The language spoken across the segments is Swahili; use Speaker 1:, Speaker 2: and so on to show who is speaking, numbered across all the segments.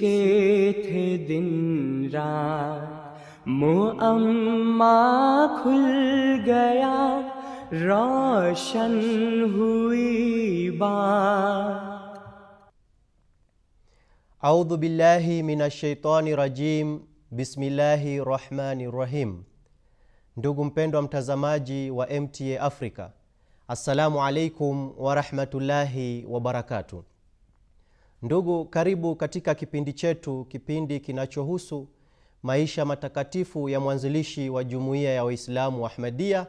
Speaker 1: کے تھے دن थे दिन کھل گیا روشن ہوئی بات
Speaker 2: اعوذ باللہ من الشیطان الرجیم rajim bismillahi rahmani الرحیم Ndugu mpendwa mtazamaji wa MTA Africa Assalamu alaikum warahmatullahi wabarakatu. Ndugu, karibu katika kipindi chetu, kipindi kinachohusu maisha matakatifu ya mwanzilishi wa jumuiya ya Waislamu Ahmadia,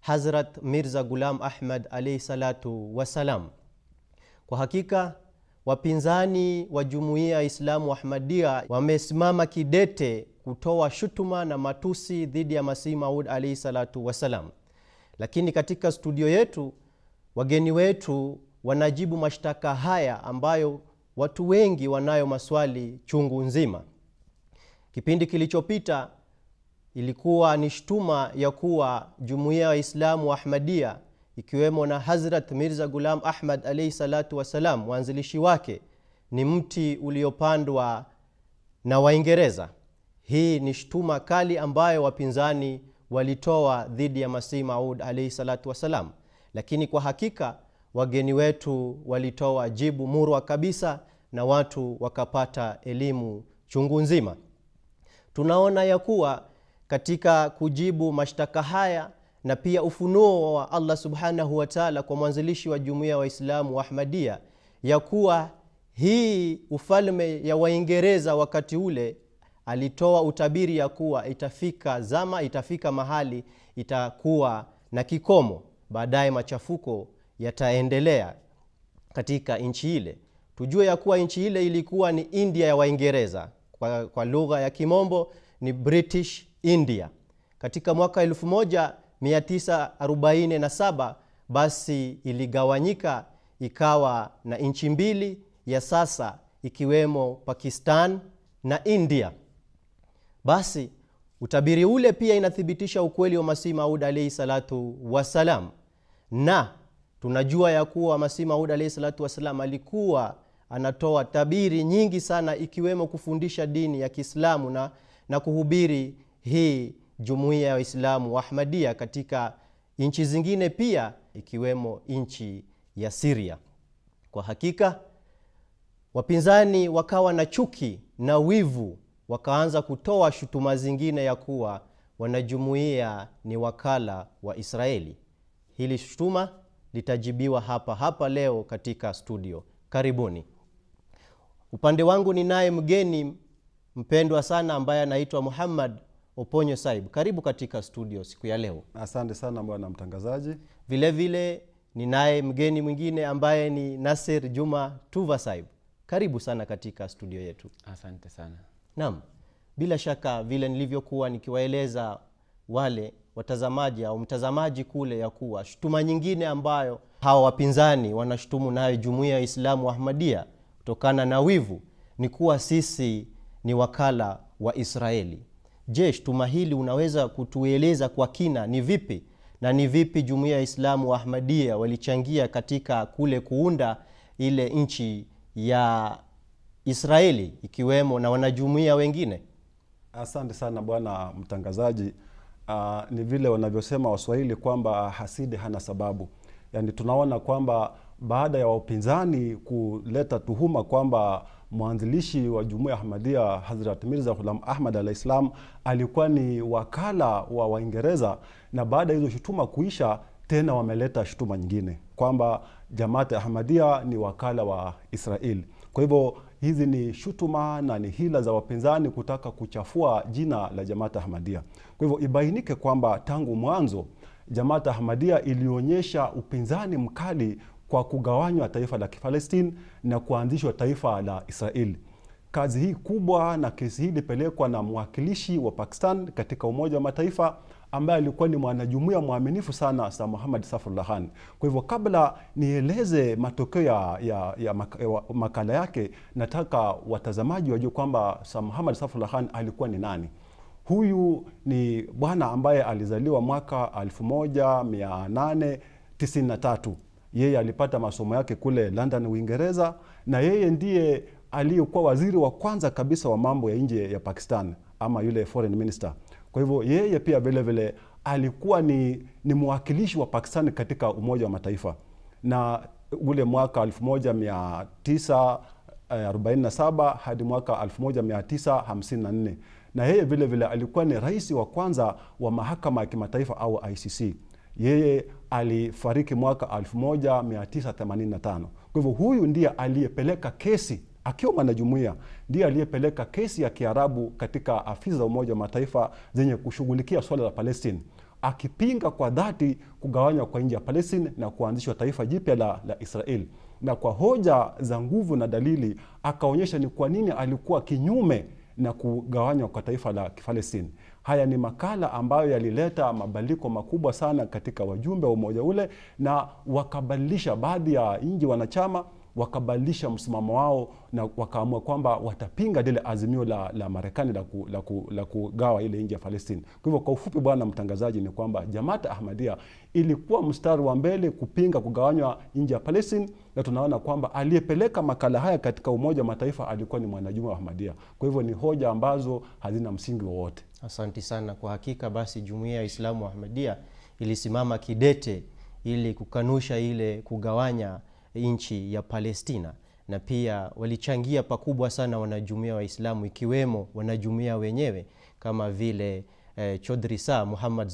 Speaker 2: Hazrat Mirza Gulam Ahmad alaihi salatu wassalam. Kwa hakika wapinzani wa jumuiya ya Islamu Ahmadia wamesimama kidete kutoa shutuma na matusi dhidi ya Masihi Maud alaihi salatu wassalam lakini katika studio yetu wageni wetu wanajibu mashtaka haya ambayo watu wengi wanayo maswali chungu nzima. Kipindi kilichopita ilikuwa ni shtuma ya kuwa jumuiya ya Waislamu wa Ahmadia ikiwemo na Hazrat Mirza Gulam Ahmad alaihi salatu wassalam, mwanzilishi wake ni mti uliopandwa na Waingereza. Hii ni shtuma kali ambayo wapinzani walitoa dhidi ya Masihi Maud alaihi salatu wassalam, lakini kwa hakika wageni wetu walitoa jibu murwa kabisa na watu wakapata elimu chungu nzima. Tunaona ya kuwa katika kujibu mashtaka haya na pia ufunuo wa Allah subhanahu wataala kwa mwanzilishi wa jumuiya ya Waislamu wa Ahmadia ya kuwa hii ufalme ya Waingereza wakati ule alitoa utabiri ya kuwa itafika zama, itafika mahali itakuwa na kikomo, baadaye machafuko yataendelea katika nchi ile. Tujue ya kuwa nchi ile ilikuwa ni India ya Waingereza, kwa, kwa lugha ya kimombo ni British India. Katika mwaka 1947 basi iligawanyika ikawa na nchi mbili ya sasa ikiwemo Pakistan na India. Basi utabiri ule pia inathibitisha ukweli wa Masihi Maud alaihi salatu wassalam, na tunajua ya kuwa Masihi Maud alaihi salatu wassalam alikuwa anatoa tabiri nyingi sana, ikiwemo kufundisha dini ya Kiislamu na, na kuhubiri hii jumuiya ya Waislamu wa Ahmadia katika nchi zingine pia ikiwemo nchi ya Siria. Kwa hakika wapinzani wakawa na chuki na wivu wakaanza kutoa shutuma zingine ya kuwa wanajumuia ni wakala wa Israeli. Hili shutuma litajibiwa hapa hapa leo katika studio. Karibuni. Upande wangu ninaye mgeni mpendwa sana ambaye anaitwa Muhammad Oponyo Saib. Karibu katika studio siku ya leo.
Speaker 3: Asante sana bwana mtangazaji.
Speaker 2: Vilevile ninaye mgeni mwingine ambaye ni Nasir Juma Tuva Saib. Karibu sana katika studio yetu.
Speaker 3: Asante sana.
Speaker 2: Naam, bila shaka vile nilivyokuwa nikiwaeleza wale watazamaji au mtazamaji kule, ya kuwa shutuma nyingine ambayo hawa wapinzani wanashutumu nayo jumuiya ya Islamu Ahmadia kutokana na wivu ni kuwa sisi ni wakala wa Israeli. Je, shutuma hili unaweza kutueleza kwa kina ni vipi na ni vipi jumuiya ya Islamu Ahmadia walichangia katika kule kuunda ile nchi ya Israeli ikiwemo na wanajumuiya wengine?
Speaker 3: Asante sana bwana mtangazaji. Uh, ni vile wanavyosema Waswahili kwamba hasidi hana sababu. Yaani tunaona kwamba baada ya wapinzani kuleta tuhuma kwamba mwanzilishi wa jumuiya ahmadia Hazrat Mirza Ghulam Ahmad alahislam alikuwa ni wakala wa Waingereza, na baada ya hizo shutuma kuisha, tena wameleta shutuma nyingine kwamba Jamaat ya ni wakala wa Israeli. Kwa hivyo hizi ni shutuma na ni hila za wapinzani kutaka kuchafua jina la Jamaat Ahmadiyya. Kwa hivyo ibainike kwamba tangu mwanzo Jamaat Ahmadiyya ilionyesha upinzani mkali kwa kugawanywa taifa la Kifalestini na kuanzishwa taifa la Israeli. Kazi hii kubwa na kesi hii ilipelekwa na mwakilishi wa Pakistan katika Umoja wa Mataifa ambaye alikuwa ni mwanajumuiya mwaminifu sana sa Mohamed Safullah Kwa hivyo kabla nieleze matokeo ya, ya, ya makala yake, nataka watazamaji wajue kwamba sa Mohamed Safullah alikuwa ni nani. Huyu ni bwana ambaye alizaliwa mwaka 1893. Yeye alipata masomo yake kule London, Uingereza, na yeye ndiye aliyekuwa waziri wa kwanza kabisa wa mambo ya nje ya Pakistan ama yule foreign minister kwa hivyo yeye pia vilevile alikuwa ni, ni mwakilishi wa Pakistan katika Umoja wa Mataifa na ule mwaka 1947 hadi mwaka 1954 na yeye vile vile alikuwa ni rais wa kwanza wa mahakama ya kimataifa au ICC. Yeye alifariki mwaka 1985. Kwa hivyo huyu ndiye aliyepeleka kesi akiwa mwanajumuia ndiye aliyepeleka kesi ya Kiarabu katika afisi za Umoja wa Mataifa zenye kushughulikia swala la Palestine akipinga kwa dhati kugawanywa kwa nji ya Palestine na kuanzishwa taifa jipya la, la Israel na kwa hoja za nguvu na dalili akaonyesha ni kwa nini alikuwa kinyume na kugawanywa kwa taifa la Kifalestini. Haya ni makala ambayo yalileta mabadiliko makubwa sana katika wajumbe wa umoja ule, na wakabadilisha baadhi ya nji wanachama wakabadilisha msimamo wao na wakaamua kwamba watapinga lile azimio la, la Marekani la, ku, la, ku, la kugawa ile nji ya Palestina. Kwa hivyo kwa ufupi, bwana mtangazaji, ni kwamba Jamaat ahmadia ilikuwa mstari wa mbele kupinga kugawanywa nji ya palestin na tunaona kwamba aliyepeleka makala haya katika Umoja wa Mataifa alikuwa ni mwanajuma ahmadia Kwa hivyo ni hoja ambazo hazina msingi wowote.
Speaker 2: Asanti sana. Kwa hakika basi jumuia ya Islamu ahmadia ilisimama kidete ili kukanusha ile kugawanya nchi ya Palestina na pia walichangia pakubwa sana wanajumuia Waislamu ikiwemo wanajumuia wenyewe kama vile eh, Chodrisa Muhammad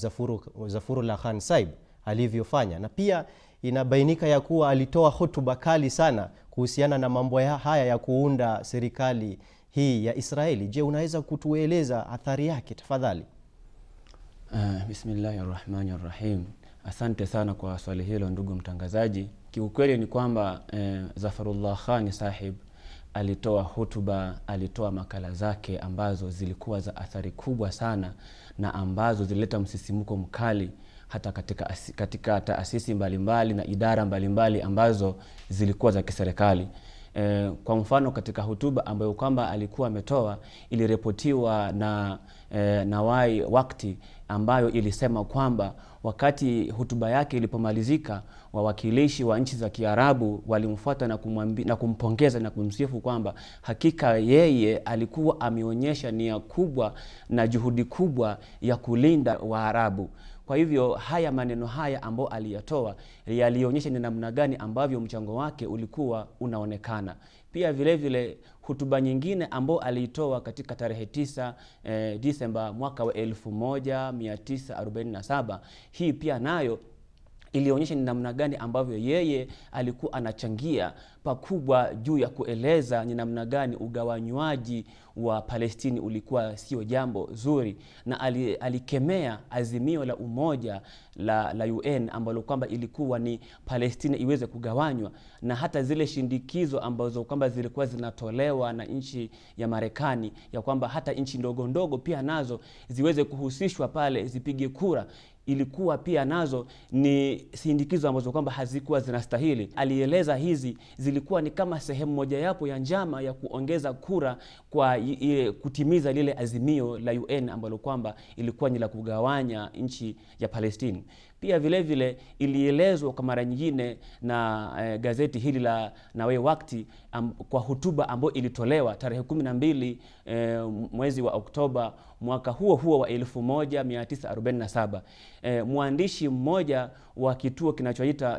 Speaker 2: Zafurullah Khan Saib alivyofanya, na pia inabainika ya kuwa alitoa hotuba kali sana kuhusiana na mambo haya ya kuunda serikali hii ya Israeli. Je, unaweza kutueleza athari yake tafadhali?
Speaker 4: Uh, eh, bismillahi rahmani rahim. Asante sana kwa swali hilo ndugu mtangazaji. Kiukweli ni kwamba eh, Zafarullah Khani sahib alitoa hutuba alitoa makala zake ambazo zilikuwa za athari kubwa sana na ambazo zilileta msisimko mkali hata katika, katika taasisi mbalimbali na idara mbalimbali ambazo zilikuwa za kiserikali. Eh, kwa mfano katika hutuba ambayo kwamba alikuwa ametoa iliripotiwa na eh, Nawai Wakti ambayo ilisema kwamba wakati hotuba yake ilipomalizika, wawakilishi wa nchi za Kiarabu walimfuata na, na kumpongeza na kumsifu kwamba hakika yeye alikuwa ameonyesha nia kubwa na juhudi kubwa ya kulinda Waarabu. Kwa hivyo haya maneno haya ambayo aliyatoa yalionyesha ni namna gani ambavyo mchango wake ulikuwa unaonekana. Pia vilevile hutuba nyingine ambayo aliitoa katika tarehe 9 eh, Disemba mwaka wa 1947 hii pia nayo ilionyesha ni namna gani ambavyo yeye alikuwa anachangia pakubwa juu ya kueleza ni namna gani ugawanywaji wa Palestini ulikuwa sio jambo zuri, na alikemea azimio la umoja la, la UN ambalo kwamba ilikuwa ni Palestina iweze kugawanywa, na hata zile shindikizo ambazo kwamba zilikuwa zinatolewa na nchi ya Marekani ya kwamba hata nchi ndogo ndogo pia nazo ziweze kuhusishwa pale zipige kura ilikuwa pia nazo ni sindikizo ambazo kwamba hazikuwa zinastahili. Alieleza hizi zilikuwa ni kama sehemu mojawapo ya njama ya kuongeza kura kwa ile kutimiza lile azimio la UN ambalo kwamba ilikuwa ni la kugawanya nchi ya Palestine. Pia vile vile ilielezwa kwa mara nyingine na e, gazeti hili la Nawe Wakti am, kwa hotuba ambayo ilitolewa tarehe 12 e, eh, mwezi wa Oktoba mwaka huo huo wa 1947. e, eh, mwandishi mmoja wa kituo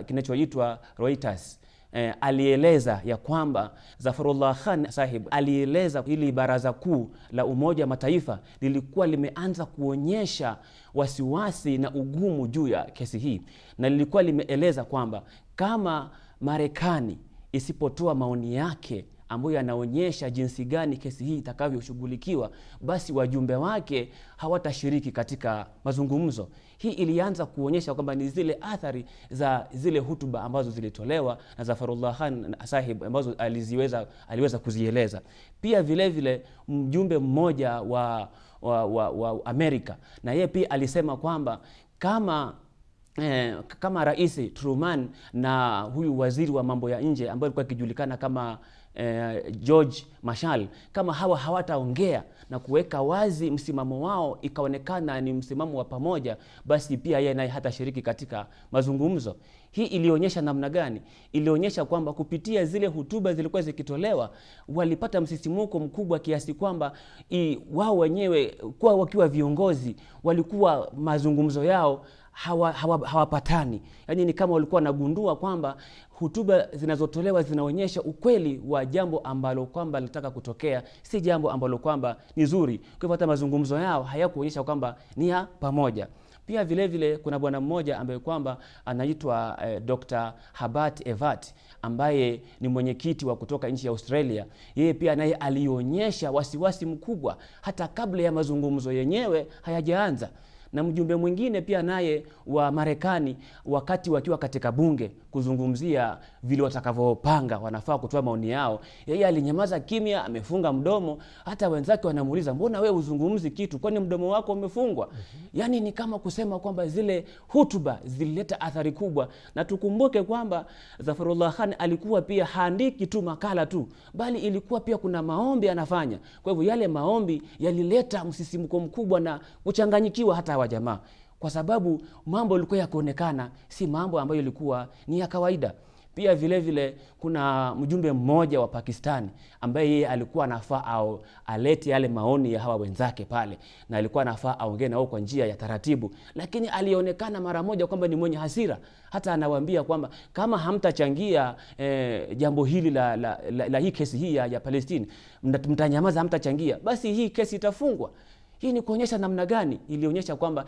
Speaker 4: kinachoitwa Reuters eh, alieleza ya kwamba Zafarullah Khan sahib alieleza hili baraza kuu la Umoja wa Mataifa lilikuwa limeanza kuonyesha wasiwasi na ugumu juu ya kesi hii, na lilikuwa limeeleza kwamba kama Marekani isipotoa maoni yake ambayo yanaonyesha jinsi gani kesi hii itakavyoshughulikiwa, basi wajumbe wake hawatashiriki katika mazungumzo. Hii ilianza kuonyesha kwamba ni zile athari za zile hutuba ambazo zilitolewa na Zafarullah Khan Sahib ambazo aliziweza, aliweza kuzieleza. Pia vilevile vile mjumbe mmoja wa, wa, wa, wa Amerika na yeye pia alisema kwamba kama Eh, kama Rais Truman na huyu waziri wa mambo ya nje ambaye alikuwa akijulikana kama eh, George Mashal, kama hawa hawataongea na kuweka wazi msimamo wao ikaonekana ni msimamo wa pamoja, basi pia yeye naye hatashiriki katika mazungumzo. Hii ilionyesha namna gani? Ilionyesha kwamba kupitia zile hutuba zilikuwa zikitolewa, walipata msisimuko mkubwa kiasi kwamba wao wenyewe kwa wakiwa viongozi walikuwa mazungumzo yao hawapatani hawa, hawa yaani ni kama walikuwa wanagundua kwamba hutuba zinazotolewa zinaonyesha ukweli wa jambo ambalo kwamba litaka kutokea, si jambo ambalo kwamba ni zuri. Kwa hivyo hata mazungumzo yao hayakuonyesha kwamba ni ya pamoja. Pia vile vile kuna bwana mmoja ambaye kwamba anaitwa eh, Dr. Habat Evat ambaye ni mwenyekiti wa kutoka nchi ya Australia. Yeye pia naye alionyesha wasiwasi mkubwa hata kabla ya mazungumzo yenyewe hayajaanza na mjumbe mwingine pia naye wa Marekani wakati wakiwa katika bunge kuzungumzia vile watakavyopanga, wanafaa kutoa maoni yao. Yeye alinyamaza kimya, amefunga mdomo. Hata wenzake wanamuuliza, mbona we uzungumzi kitu? Kwani mdomo wako umefungwa? mm-hmm. Yani ni kama kusema kwamba zile hutuba zilileta athari kubwa, na tukumbuke kwamba Zafarullah Khan alikuwa pia haandiki tu makala tu, bali ilikuwa pia kuna maombi anafanya. Kwa hivyo yale maombi yalileta msisimko mkubwa na kuchanganyikiwa hata wa jamaa kwa sababu mambo yalikuwa yakuonekana si mambo ambayo ilikuwa ni ya kawaida pia vile vile kuna mjumbe mmoja wa pakistani ambaye yeye alikuwa anafaa au alete yale maoni ya hawa wenzake pale na alikuwa anafaa aongee nao kwa njia ya taratibu lakini alionekana mara moja kwamba ni mwenye hasira hata anawaambia kwamba kama hamtachangia eh, jambo hili la, la, la, la, hii kesi hii ya, ya palestini mtanyamaza hamtachangia basi hii kesi itafungwa hii ni kuonyesha namna gani ilionyesha kwamba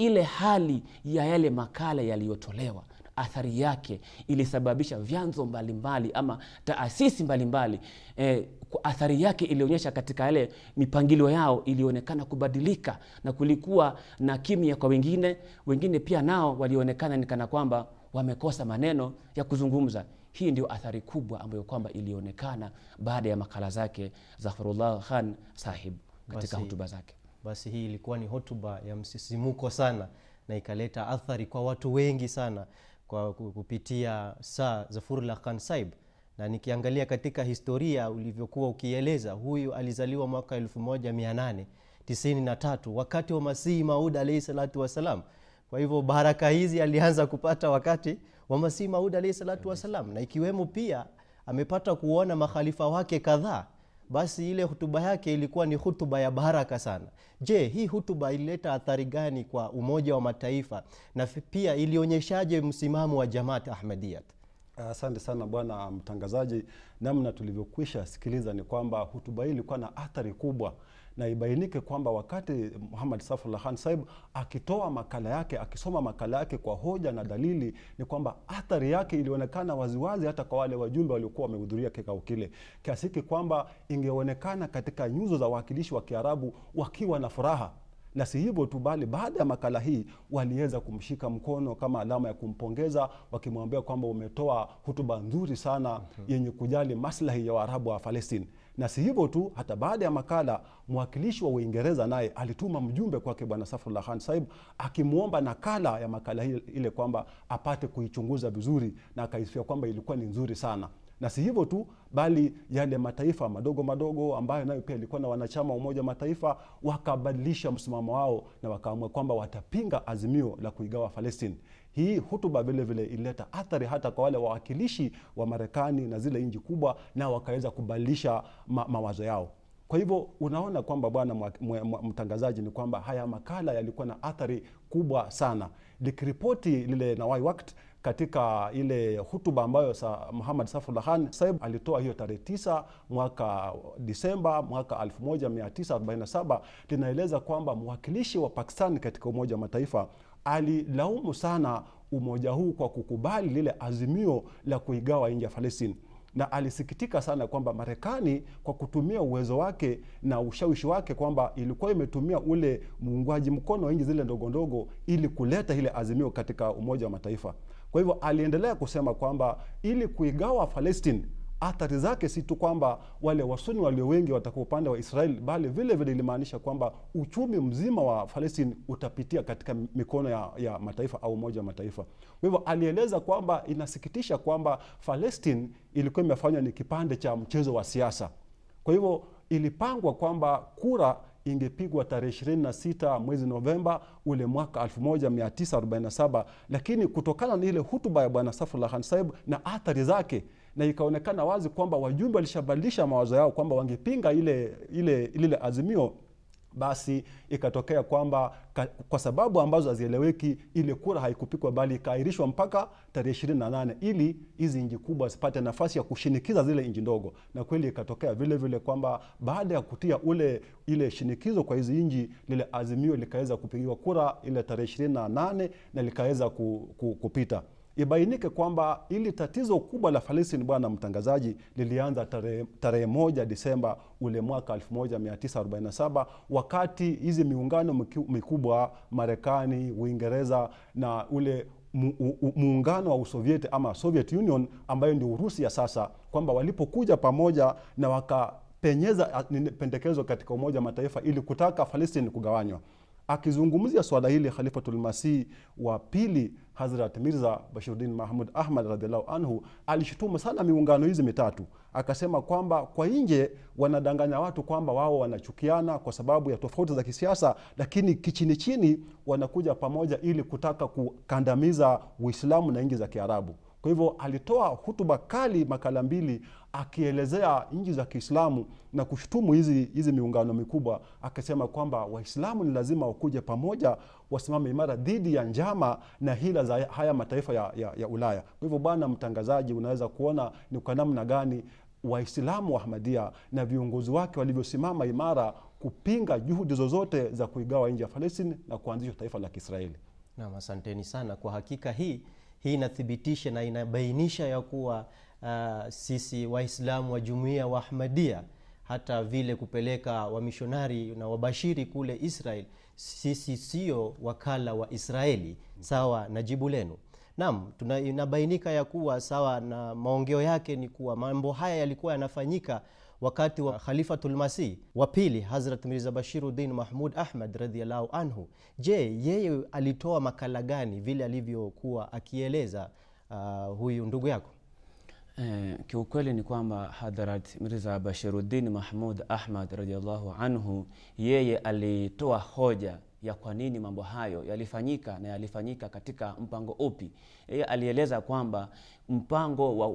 Speaker 4: ile hali ya yale makala yaliyotolewa athari yake ilisababisha vyanzo mbalimbali mbali, ama taasisi mbalimbali mbali. Eh, e, athari yake ilionyesha katika yale mipangilio yao ilionekana kubadilika, na kulikuwa na kimya kwa wengine. Wengine pia nao walionekana ni kana kwamba wamekosa maneno ya kuzungumza. Hii ndio athari kubwa ambayo kwamba ilionekana baada ya makala zake Zafarullah Khan Sahib katika hutuba zake
Speaker 2: basi hii ilikuwa ni hotuba ya msisimuko sana na ikaleta athari kwa watu wengi sana kwa kupitia saa Zafurullah Khan Saib, na nikiangalia katika historia ulivyokuwa ukieleza, huyu alizaliwa mwaka 1893 wakati wa Masihi Maud alaihi salatu wassalam. Kwa hivyo baraka hizi alianza kupata wakati wa Masihi Maud alaihi salatu wassalam, na ikiwemo pia amepata kuona makhalifa wake kadhaa basi ile hutuba yake ilikuwa ni hutuba ya baraka sana. Je, hii hutuba ilileta athari gani kwa Umoja wa Mataifa na pia ilionyeshaje msimamo wa Jamaat Ahmadiyat?
Speaker 3: Asante sana bwana mtangazaji. Namna tulivyokwisha sikiliza ni kwamba hotuba hii ilikuwa na athari kubwa, na ibainike kwamba wakati Muhammad Saifullah Saib akitoa makala yake, akisoma makala yake kwa hoja na dalili, ni kwamba athari yake ilionekana waziwazi hata kwa wale wajumbe waliokuwa wamehudhuria kikao kile, kiasi kwamba ingeonekana katika nyuzo za wawakilishi wa Kiarabu wakiwa na furaha na si hivyo tu, bali baada ya makala hii waliweza kumshika mkono kama alama ya kumpongeza, wakimwambia kwamba umetoa hutuba nzuri sana mhm. yenye kujali maslahi ya Waarabu wa Palestina. Na si hivyo tu, hata baada ya makala mwakilishi wa Uingereza naye alituma mjumbe kwake Bwana Safrullah Khan Saib akimwomba nakala ya makala ile kwamba apate kuichunguza vizuri, na akaisifia kwamba ilikuwa ni nzuri sana. Na si hivyo tu, bali yale mataifa madogo madogo ambayo nayo pia ilikuwa na wanachama wa Umoja Mataifa wakabadilisha msimamo wao na wakaamua kwamba watapinga azimio la kuigawa Palestine. Hii hutuba vile vile ilileta athari hata kwa wale wawakilishi wa Marekani na zile nji kubwa, na wakaweza kubadilisha ma mawazo yao. Kwa hivyo unaona kwamba bwana mtangazaji, ni kwamba haya makala yalikuwa na athari kubwa sana likiripoti lile Nawai katika ile hutuba ambayo sa Muhammad Safulahan Saib alitoa hiyo tarehe ti mwaka Disemba mwaka 1947 linaeleza kwamba mwakilishi wa Pakistan katika Umoja wa Mataifa alilaumu sana umoja huu kwa kukubali lile azimio la kuigawa nji ya falestini na alisikitika sana kwamba Marekani kwa kutumia uwezo wake na ushawishi wake kwamba ilikuwa imetumia ule muungwaji mkono wa nji zile ndogo ndogo ili kuleta ile azimio katika Umoja wa Mataifa. Kwa hivyo aliendelea kusema kwamba ili kuigawa Palestine athari zake si tu kwamba wale wasuni walio wengi watakuwa upande wa Israel, bali vile vile ilimaanisha kwamba uchumi mzima wa Palestine utapitia katika mikono ya, ya mataifa au Umoja wa Mataifa. Kwa hivyo alieleza kwamba inasikitisha kwamba Palestine ilikuwa imefanywa ni kipande cha mchezo wa siasa. Kwa hivyo ilipangwa kwamba kura ingepigwa tarehe 26 mwezi Novemba ule mwaka 1947, lakini kutokana na ile hutuba ya Bwana Safullah na athari zake na ikaonekana wazi kwamba wajumbe walishabadilisha mawazo yao kwamba wangepinga ile ile lile azimio basi ikatokea kwamba kwa sababu ambazo hazieleweki ile kura haikupikwa bali ikaairishwa mpaka tarehe ishirini na nane ili hizi nji kubwa zipate nafasi ya kushinikiza zile nji ndogo. Na kweli ikatokea vile vile kwamba baada ya kutia ule ile shinikizo kwa hizi nji lile azimio likaweza kupigiwa kura ile tarehe ishirini na nane na likaweza kupita ibainike kwamba ili tatizo kubwa la Falistini, bwana mtangazaji, lilianza tarehe tare moja Disemba ule mwaka 1947 wakati hizi miungano mikubwa Marekani, Uingereza na ule muungano wa Usovieti ama Soviet Union ambayo ndio Urusi ya sasa, kwamba walipokuja pamoja na wakapenyeza pendekezo katika Umoja wa Mataifa ili kutaka Falistini kugawanywa Akizungumzia swala hili Khalifatul Masih wa pili Hazrat Mirza Bashiruddin Mahmud Ahmad radiallahu anhu alishutuma sana miungano hizi mitatu, akasema kwamba kwa nje wanadanganya watu kwamba wao wanachukiana kwa sababu ya tofauti za kisiasa, lakini kichini chini wanakuja pamoja ili kutaka kukandamiza Uislamu na nji za Kiarabu. Kwa hivyo alitoa hutuba kali, makala mbili, akielezea nchi za Kiislamu na kushutumu hizi hizi miungano mikubwa, akisema kwamba Waislamu ni lazima wakuje pamoja, wasimame imara dhidi ya njama na hila za haya mataifa ya, ya, ya Ulaya. Kwa hivyo, bwana mtangazaji, unaweza kuona ni kwa namna gani Waislamu wa ahmadia na viongozi wake walivyosimama imara kupinga juhudi zozote za kuigawa nji ya Palestina na kuanzisha taifa la Kiisraeli.
Speaker 2: nam asanteni sana kwa hakika hii hii inathibitisha na inabainisha ya kuwa uh, sisi Waislamu wa jumuiya wa Ahmadia hata vile kupeleka wamishonari na wabashiri kule Israel, sisi sio wakala wa Israeli. Sawa na jibu lenu. nam inabainika ya kuwa sawa na maongeo yake ni kuwa mambo haya yalikuwa yanafanyika wakati wa Khalifatul Masih wa pili Hazrat Mirza Bashiruddin Mahmud Ahmad radhiallahu anhu. Je, yeye alitoa makala gani vile alivyokuwa akieleza uh, huyu ndugu yako?
Speaker 4: Eh, kiukweli ni kwamba hadrat Mirza Bashiruddin Mahmud Ahmad radhiallahu anhu yeye alitoa hoja ya kwa nini mambo hayo yalifanyika na yalifanyika katika mpango upi. Yeye alieleza kwamba mpango wa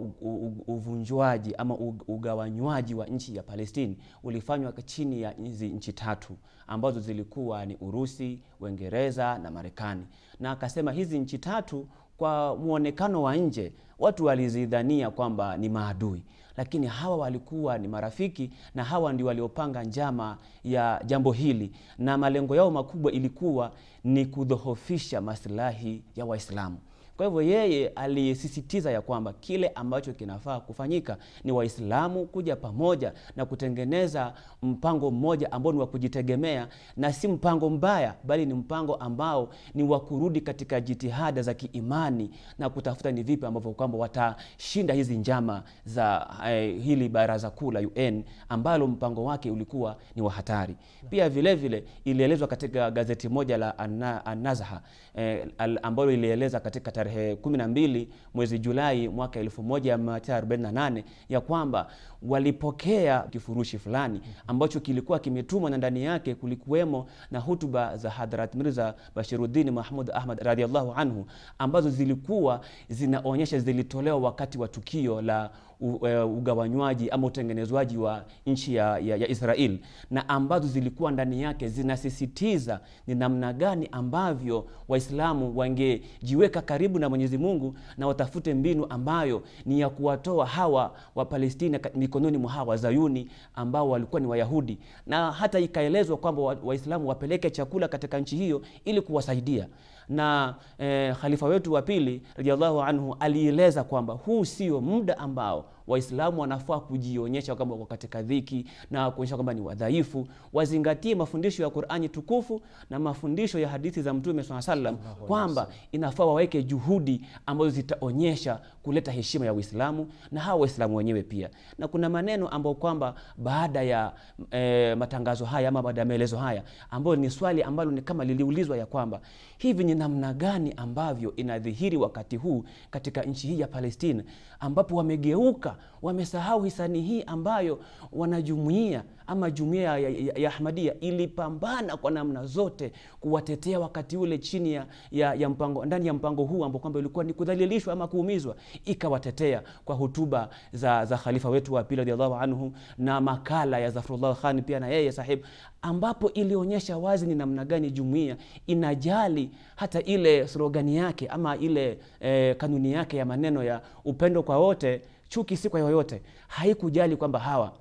Speaker 4: uvunjwaji ama ugawanywaji wa nchi ya palestini ulifanywa chini ya hizi nchi tatu ambazo zilikuwa ni Urusi, Uingereza na Marekani, na akasema hizi nchi tatu kwa mwonekano wa nje watu walizidhania kwamba ni maadui, lakini hawa walikuwa ni marafiki, na hawa ndio waliopanga njama ya jambo hili, na malengo yao makubwa ilikuwa ni kudhohofisha maslahi ya Waislamu. Kwa hivyo yeye alisisitiza ya kwamba kile ambacho kinafaa kufanyika ni Waislamu kuja pamoja na kutengeneza mpango mmoja ambao ni wa kujitegemea na si mpango mbaya, bali ni mpango ambao ni wa kurudi katika jitihada za kiimani na kutafuta ni vipi ambavyo kwamba watashinda hizi njama za eh, hili baraza kuu la UN ambalo mpango wake ulikuwa ni wa hatari. Pia vile vile ilielezwa katika gazeti moja la Anazaha nazha eh, ambalo ilieleza katika tarehe 12 mwezi Julai mwaka 1948 ya kwamba walipokea kifurushi fulani ambacho kilikuwa kimetumwa na ndani yake kulikuwemo na hutuba za Hadhrat Mirza Bashiruddin Mahmud Ahmad radhiallahu anhu ambazo zilikuwa zinaonyesha zilitolewa wakati wa tukio la E, ugawanywaji ama utengenezwaji wa nchi ya, ya, ya Israel na ambazo zilikuwa ndani yake zinasisitiza ni namna gani ambavyo Waislamu wangejiweka karibu na Mwenyezi Mungu na watafute mbinu ambayo ni ya kuwatoa hawa wa Palestina mikononi mwa hawa Zayuni ambao walikuwa ni Wayahudi, na hata ikaelezwa kwamba Waislamu wapeleke chakula katika nchi hiyo ili kuwasaidia na e, khalifa wetu wa pili radiallahu anhu alieleza kwamba huu sio muda ambao Waislamu wanafaa kujionyesha kama wako katika dhiki na kuonyesha kwamba ni wadhaifu, wazingatie mafundisho ya Qur'ani tukufu na mafundisho ya hadithi za Mtume sallallahu alaihi wasallam, kwamba inafaa waweke juhudi ambazo zitaonyesha kuleta heshima ya Uislamu na hawa Waislamu wenyewe pia. Na kuna maneno ambayo kwamba baada ya e, matangazo haya ama baada ya maelezo haya, ambayo ni swali ambalo ni kama liliulizwa ya kwamba hivi ni namna gani ambavyo inadhihiri wakati huu katika nchi hii ya Palestina ambapo wamegeuka wamesahau hisani hii ambayo wanajumuia ama jumuia ya, ya, ya Ahmadia ilipambana kwa namna zote kuwatetea wakati ule chini ya, ya, ya mpango, ndani ya mpango huu ambao kwamba ilikuwa ni kudhalilishwa ama kuumizwa, ikawatetea kwa hutuba za, za khalifa wetu wa pili radhiallahu anhu na makala ya Zafrullah Khan pia na yeye sahib, ambapo ilionyesha wazi ni namna gani jumuia inajali hata ile slogani yake ama ile eh, kanuni yake ya maneno ya upendo kwa wote Chuki si kwa yoyote, haikujali kwamba hawa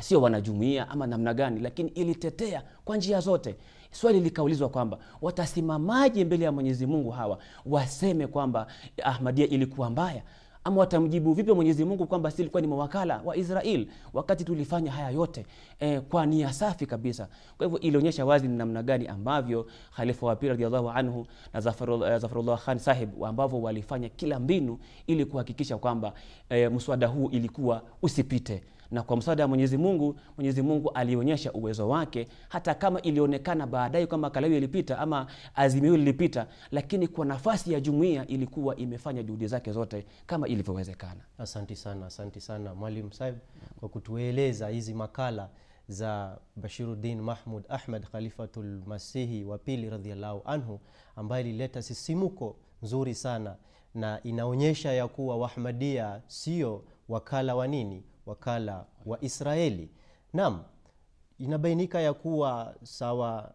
Speaker 4: sio wanajumuia ama namna gani, lakini ilitetea kwa njia zote. Swali likaulizwa kwamba watasimamaje mbele ya Mwenyezi Mungu hawa waseme kwamba ahmadia ilikuwa mbaya? ama watamjibu vipi Mwenyezi Mungu kwamba si tulikuwa ni mawakala wa Israel wakati tulifanya haya yote e, kwa nia safi kabisa. Kwa hivyo ilionyesha wazi ni namna gani ambavyo Khalifa wa pili radhiallahu anhu na Zafarullah, eh, Zafarullah Khan Sahib ambavyo walifanya kila mbinu ili kuhakikisha kwamba e, mswada huu ilikuwa usipite na kwa msaada wa Mwenyezi Mungu, Mwenyezi Mungu alionyesha uwezo wake, hata kama ilionekana baadaye kwamba Kalawi ilipita ama Azimio lilipita, lakini kwa nafasi ya jumuiya ilikuwa imefanya juhudi zake zote kama ilivyowezekana.
Speaker 2: Asanti sana, asanti sana Mwalimu Saib kwa kutueleza hizi makala za Bashiruddin Mahmud Ahmad Khalifatul Masihi wa pili radhiallahu anhu, ambaye ilileta sisimuko nzuri sana na inaonyesha ya kuwa Wahmadia sio wakala wa nini wakala wa Israeli. Naam, inabainika ya kuwa sawa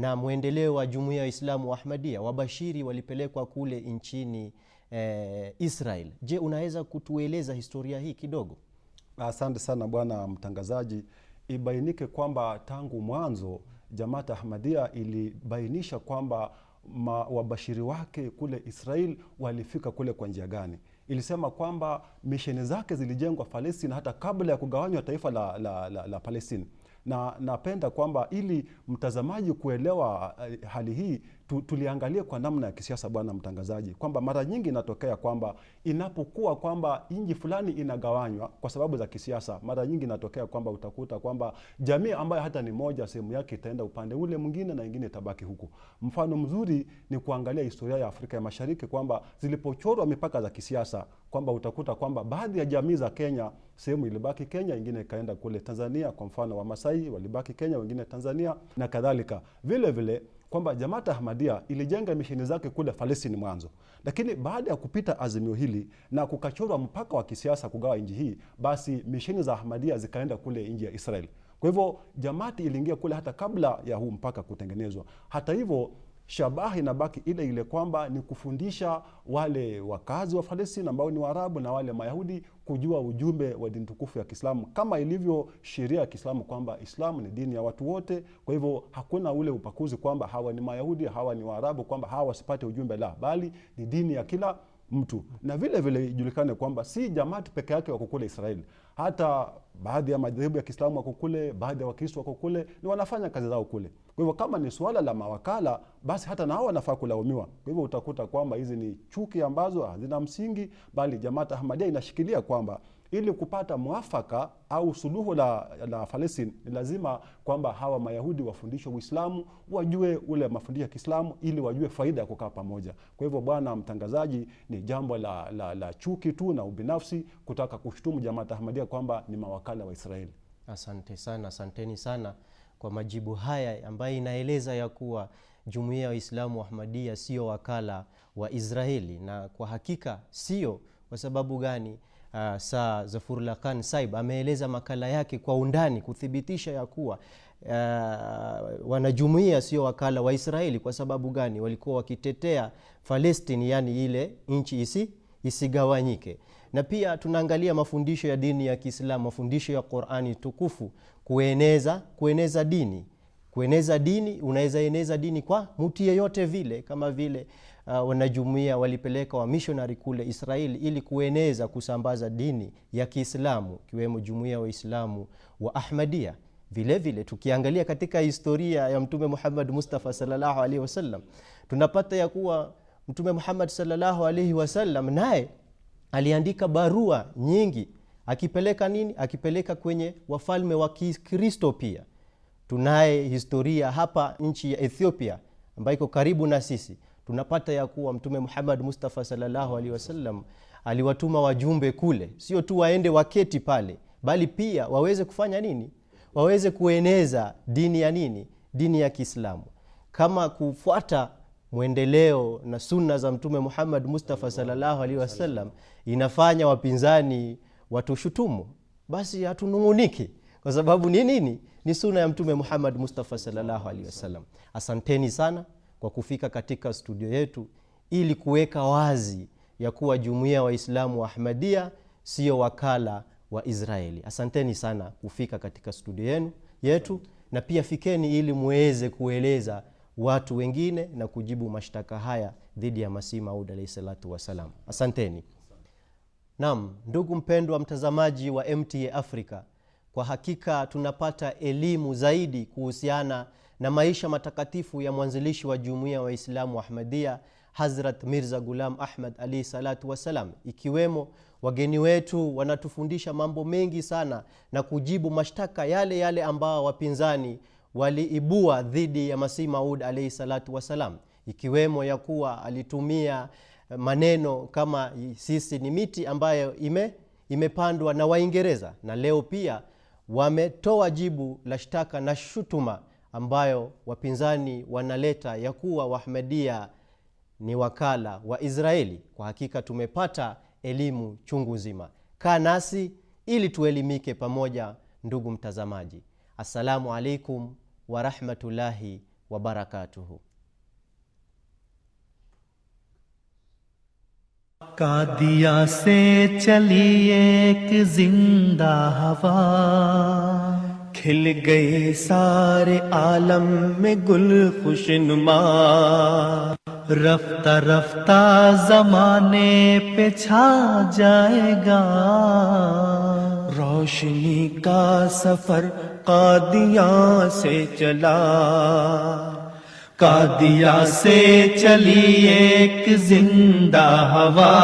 Speaker 2: na mwendeleo wa jumuiya ya Waislamu wa Ahmadia, wabashiri walipelekwa kule nchini eh, Israel. Je, unaweza kutueleza historia hii kidogo?
Speaker 3: Asante sana bwana mtangazaji. Ibainike kwamba tangu mwanzo Jamaat Ahmadia ilibainisha kwamba ma, wabashiri wake kule Israel walifika kule kwa njia gani? ilisema kwamba misheni zake zilijengwa Palestina hata kabla ya kugawanywa taifa la, la, la, la Palestina na napenda kwamba ili mtazamaji kuelewa eh, hali hii tu, tuliangalia kwa namna ya kisiasa, bwana mtangazaji, kwamba mara nyingi inatokea kwamba inapokuwa kwamba nchi fulani inagawanywa kwa sababu za kisiasa, mara nyingi inatokea kwamba utakuta kwamba jamii ambayo hata ni moja, sehemu yake itaenda upande ule mwingine na ingine itabaki huku. Mfano mzuri ni kuangalia historia ya Afrika ya Mashariki kwamba zilipochorwa mipaka za kisiasa, kwamba utakuta kwamba baadhi ya jamii za Kenya, sehemu ilibaki Kenya, ingine ikaenda kule Tanzania. Kwa mfano wa masai walibaki Kenya, wengine Tanzania na kadhalika. Vile vile kwamba Jamaat ahmadia ilijenga misheni zake kule Falestini mwanzo, lakini baada ya kupita azimio hili na kukachorwa mpaka wa kisiasa kugawa nji hii, basi misheni za ahmadia zikaenda kule nji ya Israel. Kwa hivyo jamaati iliingia kule hata kabla ya huu mpaka kutengenezwa. Hata hivyo shabaha inabaki ile ile kwamba ni kufundisha wale wakazi wa Palestina ambao ni Waarabu na wale Mayahudi kujua ujumbe wa dini tukufu ya Kiislamu kama ilivyo sheria ya Kiislamu kwamba Islamu ni dini ya watu wote. Kwa hivyo hakuna ule upakuzi kwamba hawa ni Mayahudi, hawa ni Waarabu, kwamba hawa wasipate ujumbe, la, bali ni dini ya kila mtu na vile vile ijulikane kwamba si jamati peke yake wa kukula Israeli, hata baadhi ya madhehebu ya Kiislamu wako kule, baadhi ya Wakristo wako kule, ni wanafanya kazi zao kule. Kwa hivyo kama ni suala la mawakala, basi hata nao wanafaa kulaumiwa. Kwa hivyo utakuta kwamba hizi ni chuki ambazo hazina msingi, bali jamaa Ahmadiyya inashikilia kwamba ili kupata mwafaka au suluhu la, la Falestini ni lazima kwamba hawa Mayahudi wafundishwe Uislamu, wajue ule mafundisho ya Kiislamu ili wajue faida ya kukaa pamoja. Kwa hivyo, bwana mtangazaji, ni jambo la, la, la chuki tu na ubinafsi kutaka kushutumu Jamaat ahmadia kwamba ni mawakala wa Israeli.
Speaker 4: Asante sana, asanteni sana kwa majibu haya ambayo inaeleza ya kuwa jumuia ya Waislamu ahmadia sio wakala wa Israeli, na kwa hakika sio. Kwa sababu gani? uh, Sa Zafurullah Khan Saib ameeleza makala yake kwa undani kuthibitisha ya kuwa uh, wanajumuia sio wakala wa Israeli. Kwa sababu gani? Walikuwa wakitetea Falestini, yani ile nchi isi isigawanyike na pia tunaangalia mafundisho ya dini ya Kiislamu, mafundisho ya Qur'ani tukufu, kueneza kueneza dini kueneza dini. Unaweza eneza dini kwa mtu yeyote vile, kama vile uh, wanajumuia walipeleka wamishonari kule Israeli ili kueneza kusambaza dini ya Kiislamu ikiwemo jumuia Waislamu wa Ahmadia. Vilevile vile, tukiangalia katika historia ya Mtume Muhammad Mustafa sallallahu alaihi wasallam tunapata ya kuwa Mtume Muhammad sallallahu alaihi wasallam naye aliandika barua nyingi akipeleka nini? Akipeleka kwenye wafalme wa Kikristo. Pia tunaye historia hapa nchi ya Ethiopia ambayo iko karibu na sisi tunapata ya kuwa Mtume Muhammad Mustafa sallallahu alaihi wasallam aliwatuma wajumbe kule, sio tu waende waketi pale, bali pia waweze kufanya nini? Waweze kueneza dini ya nini? Dini ya Kiislamu, kama kufuata mwendeleo na sunna za Mtume Muhammad Mustafa sallallahu alaihi wasallam inafanya wapinzani watushutumu, basi hatunung'uniki kwa sababu ni nini? Ni sunna ya Mtume Muhammad Mustafa sallallahu alaihi wasallam. Asanteni sana kwa kufika katika studio yetu ili kuweka wazi ya kuwa jumuiya Waislamu wa Ahmadia sio wakala wa Israeli. Asanteni sana kufika katika studio yenu yetu, na pia fikeni ili muweze kueleza watu wengine na kujibu mashtaka haya dhidi ya Masihi Maud alahisalatu wassalam. Asanteni.
Speaker 2: nam ndugu mpendwa mtazamaji wa MTA Africa, kwa hakika tunapata elimu zaidi kuhusiana na maisha matakatifu ya mwanzilishi wa jumuiya Waislamu Ahmadia Hazrat Mirza Gulam Ahmad alaihi salatu wassalam, ikiwemo wageni wetu wanatufundisha mambo mengi sana na kujibu mashtaka yale yale ambao wapinzani waliibua dhidi ya Masih Maud alaihi salatu wassalam, ikiwemo ya kuwa alitumia maneno kama sisi ni miti ambayo ime imepandwa na Waingereza, na leo pia wametoa jibu la shtaka na shutuma ambayo wapinzani wanaleta ya kuwa Wahmadia ni wakala wa Israeli. Kwa hakika tumepata elimu chungu nzima. Kaa nasi ili tuelimike pamoja, ndugu mtazamaji. Assalamu alaikum warahmatullahi wabarakatuhu.
Speaker 1: Qadian से चली एक जिंदा हवा کھل گئے سارے عالم میں گل خوش نما رفتہ رفتہ زمانے پہ چھا جائے گا روشنی کا سفر قادیاں سے چلا قادیا سے چلی ایک زندہ ہوا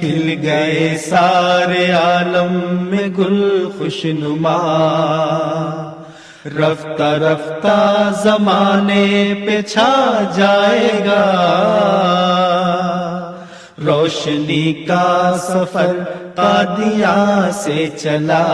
Speaker 1: کھل گئے سارے عالم میں گل خوش نما رفتہ رفتہ زمانے پہ چھا جائے گا روشنی کا سفر قادیاں سے چلا